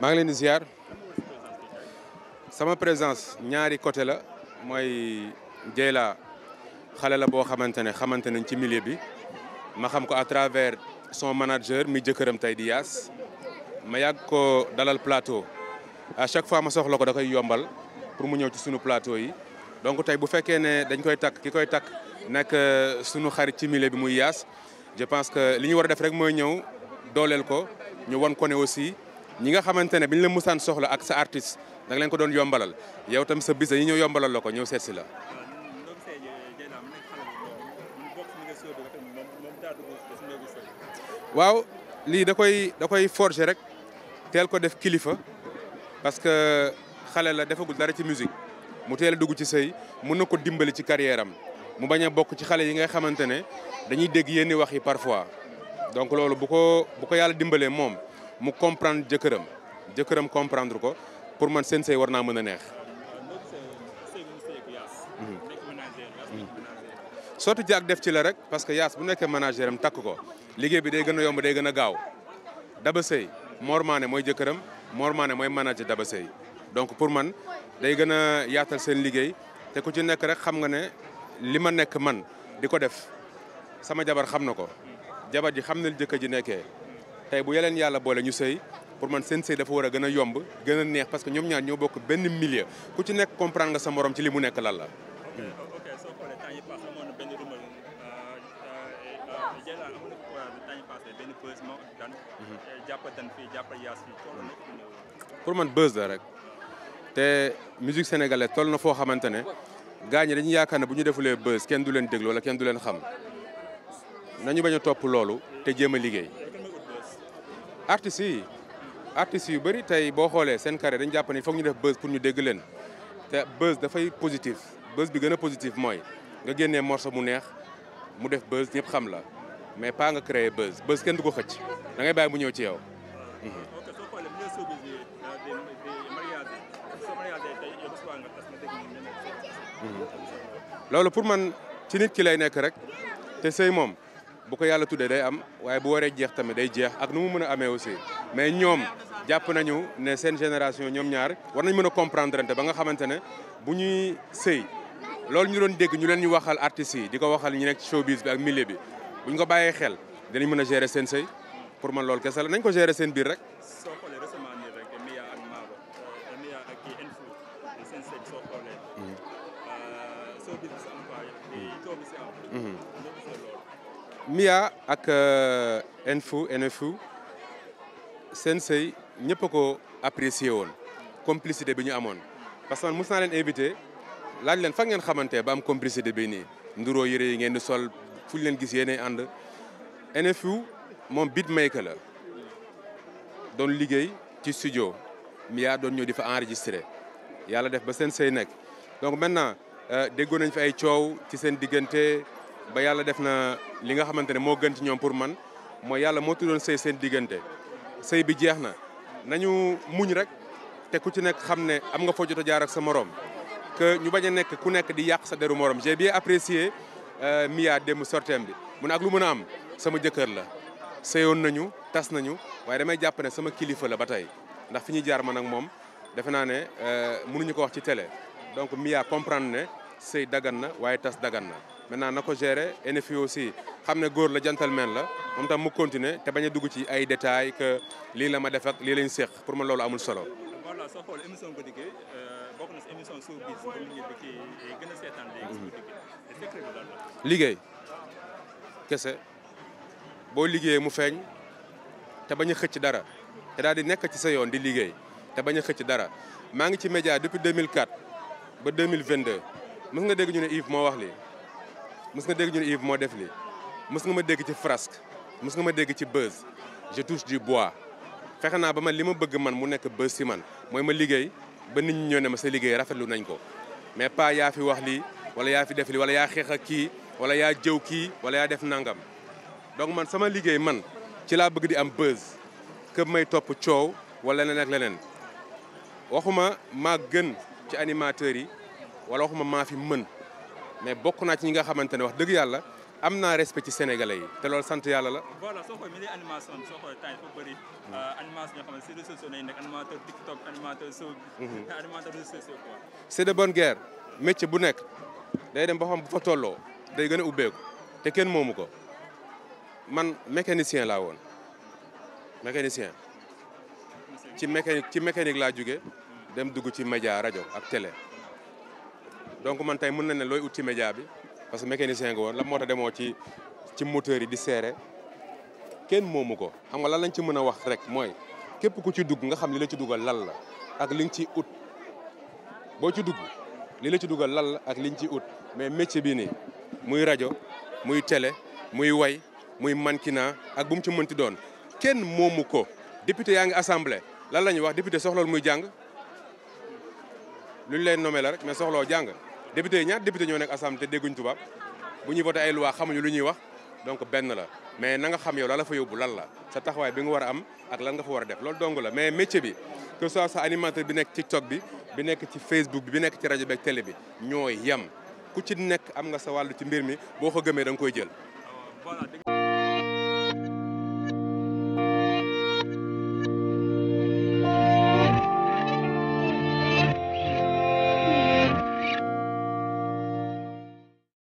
maa ngi leen di ziar sama présence ñaari côté la mooy Dieyla xale la boo xamante ne xamante nañ ci millier bi ma xam ko à travers son manager mi jëkkëram tey di yaas ma yàgg ko dalal plateau à chaque fois ma soxla ko da koy yombal pour mu ñëw ci sunu plateau yi donc tey bu fekkee ne dañ koy takk ki koy takk nekk euh, sunu xarit ci mille bi muy yaas je pense que li ñu war a def rek mooy ñëw dooleel ko ñu won ko ne aussi ñi nga xamante ne bi ñu la musaan soxla ak sa artiste da nga ko doon yombalal yow tam sa bis ñu ñëw yombalal la ko ñëw seet si la. waaw lii da koy da koy rek teel ko def kilifa parce que xale la defagul dara ci musique mu teel a dugg ci sëy mën na ko dimbali ci carrière mu bañ a bokk ci xale yi ngay xamante ne dañuy dégg yenn wax yi parfois donc loolu bu ko bu ko yàlla dimbalee moom mu comprendre jëkkëram jëkkëram comprendre ko pour man seen sëy war naa mën a neex. Mm-hmm. sotti jaag def ci la rek parce que yaas bu nekkee menager am takk ko liggéey bi day gën a yomb day gën a gaaw daba sëy Mor Mané mooy jëkkëram Mor Mané mooy manager daba sëy donc pour man day gën a yaatal seen liggéey te ku ci nekk rek xam nga ne li ma nekk man di ko def sama jabar xam na ko jabar ji xam ne jëkk ji nekkee tey bu yeleen yàlla boole ñu sëy pour man seen sëy dafa war a gën a yomb gën a neex parce que ñoom ñaar ñoo bokk benn milieu ku ci nekk comprendre nga sa morom ci li mu nekk lan la. pour man buzz la rek te musique sénégalaise toll na foo xamante ne gars ñi dañuy yaakaar ne bu ñu defulee buzz kenn du leen déglu wala kenn du leen xam nañu bañ a topp loolu te jéem a liggéey. artistes yi artistes yu bari tey boo xoolee seen carré dañu jàpp ne foog ñu def buzz pour ñu dégg leen te buzz dafay positif buzz bi gën a positif mooy nga génnee morceau mu neex mu def buzz ñëpp xam la mais paa nga créer buzz buzz kenn du ko xëcc da ngay bàyyi mu ñëw ci yow. Mhm. Mm-hmm. loolu pour man ci nit ki lay nekk rek te sëy moom bu ko yàlla tuddee day am waaye bu waree jeex tamit day jeex ak nu mu mën a amee aussi mais ñoom jàpp nañu ne seen génération ñoom ñaar war nañ mën a comprendre te ba nga xamante ne bu ñuy sëy loolu ñu doon dégg ñu leen ñu waxal artistes yi di ko waxal ñu nekk ci showbiz bi ak milieu bi bu ñu ko bàyyee xel dinañ mën a gérer seen sëy pour man loolu kese la nañ ko gérer seen biir rek. MIA ak euh, NFU NFU seen sëy ñëpp a ko apprécié woon complicité bi ñu amoon parce que man mos naa leen invité laaj leen fan ngeen xamante ba am complicité bi nii nduroo yëre yi ngeen di sol fu ñu leen gis yéenay ànd NFU moom may la doon liggéey ci studio MIA doon ñëw di fa enregistré yàlla def ba seen sey nekk donc maintenant euh, déggoo fi ay coow ci seen diggante ba yàlla def na li nga xamante ne moo gën ci ñoom pour man mooy yàlla moo tuddoon sëy seen diggante sëy bi jeex na nañu muñ rek te ku ci nekk xam ne am nga foo jot jaar ak sa morom que ñu bañ a nekk ku nekk di yàq sa deru morom j'ai bien apprécié euh, Mia démb sorteem bi mu ne ak lu mën a am sama jëkkër la sëyoon nañu tas nañu waaye damay jàpp ne sama kilifa la ba tey ndax fi ñuy jaar man nag moom defe naa ne euh, mënuñu ko wax ci télé donc Mia comprendre ne sëy dagan na waaye tas dagan na maintenant na ko gérer NFI aussi xam ne góor la gentleman la moom mu continuer te bañ a dugg ci ay détails que lii la ma def ak lii lañ séq pour ma loolu amul solo. voilà soo émission guddi gi euh, bokk émission showbiz bu nit gën a seetaan léegi. Mhm. liggéey kese boo liggéeyee mu feeñ te bañ a xëcc dara te daal di nekk ci sa yoon di liggéey te bañ a xëcc dara maa ngi ci média depuis 2004 ba 2022 mës nga dégg ñu ne Yves moo wax lii. mës nga dégg ñu ne moo def lii mës nga ma dégg ci frasque mës nga ma dégg ci buzz je touche du bois fexe naa ba man li ma bëgg man mu nekk buzz si man mooy ma liggéey ba nit ñi ñoo ne ma sa liggéey rafetlu nañ ko mais pas yaa fi wax lii wala yaa fi def lii wala yaa xeex ak kii wala yaa jëw kii wala yaa def nangam donc man sama liggéey man ci laa bëgg di am buzz que may topp coow wala leneen ak leneen waxuma maa gën ci animateurs yi wala waxuma maa fi mën mais bokk naa ci ñi nga xamante ne wax dëgg yàlla am naa respect ci sénégalais yi te loolu sant yàlla la. voilà soo xoolee milieu animation bi soo xoolee temps dafa bëri mm-hmm. euh, animation yoo xam ne si réseaux sociaux mm-hmm. bu nekk day dem ba xam bu fa tolloo day gën a ubbeeku te kenn moomu ko man mécanicien la woon mécanicien ci mécanique ci mécanique laa jóge dem dugg ci média rajo ak télé. donc man tey mën na ne looy ut ci média bi parce que mécanicien nga woon la moo tax demoo ci ci moteur yi di seere kenn moomu ko xam nga lan lañ ci mën a wax rek mooy képp ku ci dugg nga xam li la ci dugal lan la ak li nga ci ut boo ci dugg li la ci dugal lan la ak li nga ci ut mais métier bi nii muy rajo muy télé muy way muy mannequinat ak bu mu ci mënti doon kenn moomu ko député yaa ngi assemblée lan la ñuy wax député soxlool muy jàng luñ leen nommé la rek mais soxloo jàng député yi ñaar député ñoo nekk assemblée te dégguñ tubaab bu ñuy voté ay loi xamuñu lu ñuy wax donc benn la mais na nga xam yow la la fa yóbbu lan la sa taxawaay bi nga war a am ak lan nga fa war a def loolu dong la mais métier bi que soit sa animateur bi nekk ci TikTok bi bi nekk ci Facebook bi bi nekk ci rajo bi ak télé bi ñoo yam ku ci nekk am nga sa wàllu ci mbir mi boo ko gëmee da nga koy jël ah,